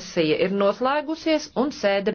sesija ir noslēgusies un sēde.